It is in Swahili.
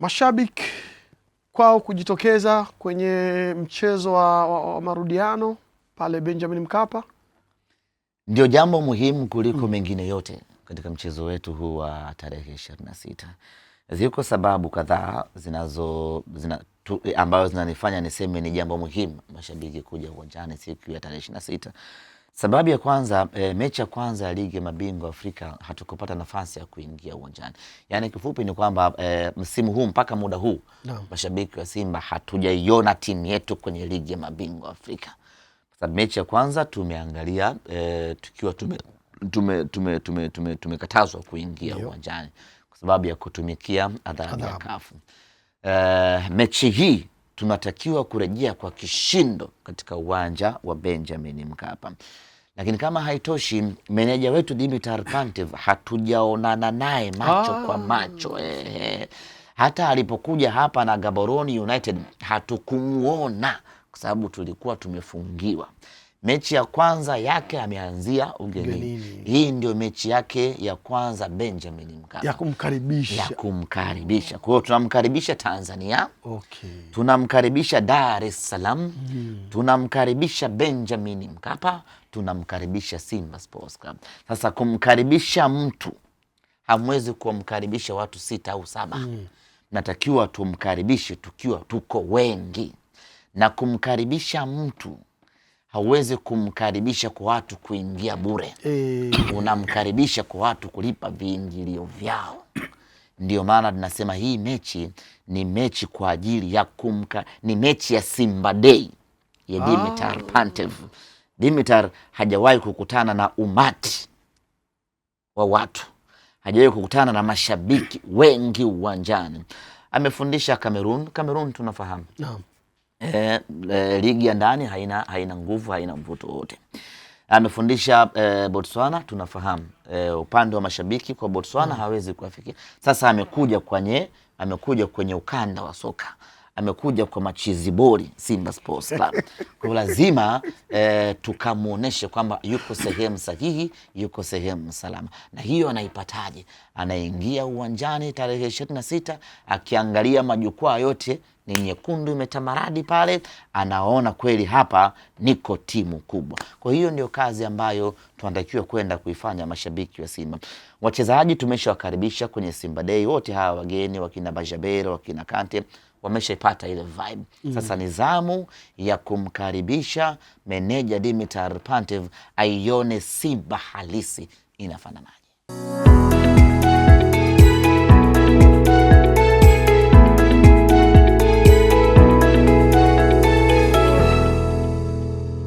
Mashabiki kwao kujitokeza kwenye mchezo wa, wa, wa marudiano pale Benjamin Mkapa ndio jambo muhimu kuliko mm, mengine yote katika mchezo wetu huu wa tarehe ishirini na sita. Ziko sababu kadhaa zinazo zina, tu, ambayo zinanifanya niseme ni jambo muhimu mashabiki kuja uwanjani siku ya tarehe ishirini na sita. Sababu ya kwanza e, mechi ya kwanza ya ligi ya mabingwa Afrika hatukupata nafasi ya kuingia uwanjani. Yaani kifupi ni kwamba e, msimu huu mpaka muda huu no. mashabiki wa Simba hatujaiona timu yetu kwenye ligi ya mabingwa Afrika. Sababu mechi ya kwanza tumeangalia e, tukiwa tumekatazwa tume, tume, tume, tume, tume kuingia uwanjani kwa sababu ya kutumikia adhabu ya kafu. E, mechi hii tunatakiwa kurejea kwa kishindo katika uwanja wa Benjamin Mkapa. Lakini kama haitoshi, meneja wetu Dimitar Pantev hatujaonana naye macho ah, kwa macho eh, hata alipokuja hapa na Gaborone United hatukumwona kwa sababu tulikuwa tumefungiwa mechi ya kwanza yake ameanzia ugenini. Hii ndio mechi yake ya kwanza Benjamin Mkapa ya kumkaribisha, ya kumkaribisha. Kwa hiyo tunamkaribisha Tanzania okay. tunamkaribisha Dar es Salaam mm. tunamkaribisha Benjamin Mkapa, tunamkaribisha Simba Sports Club. Sasa kumkaribisha mtu hamwezi kuwamkaribisha watu sita au saba mm. natakiwa tumkaribishe tukiwa tuko wengi na kumkaribisha mtu hauwezi kumkaribisha kwa watu kuingia bure e. Unamkaribisha kwa watu kulipa viingilio vyao. Ndio maana tunasema hii mechi ni mechi kwa ajili ya kumka, ni mechi ya Simba Day ya ah. Dimitar Pantev. Dimitar hajawahi kukutana na umati wa watu, hajawahi kukutana na mashabiki wengi uwanjani. Amefundisha Kamerun. Kamerun tunafahamu no eh, eh, ligi ya ndani haina, haina nguvu, haina mvuto wote Amefundisha eh, Botswana tunafahamu eh, upande wa mashabiki kwa Botswana mm, hawezi kuafikia. Sasa amekuja kwenye amekuja kwenye ukanda wa soka amekuja kwa machizi bori Simba Sports Club. Kwa lazima e, tukamuoneshe kwamba yuko sehemu sahihi, yuko sehemu salama. Na hiyo anaipataje? Anaingia uwanjani tarehe ishirini na sita akiangalia majukwaa yote ni nyekundu imetamaradi pale, anaona kweli hapa niko timu kubwa. Kwa hiyo ndio kazi ambayo tunatakiwa kwenda kuifanya mashabiki wa Simba. Wachezaji tumeshawakaribisha kwenye Simba Day, wote hawa wageni, wakina Bajabero, wakina Kante wameshaipata ile vibe mm. Sasa ni zamu ya kumkaribisha meneja Dimitar Pantev aione Simba halisi inafananaje.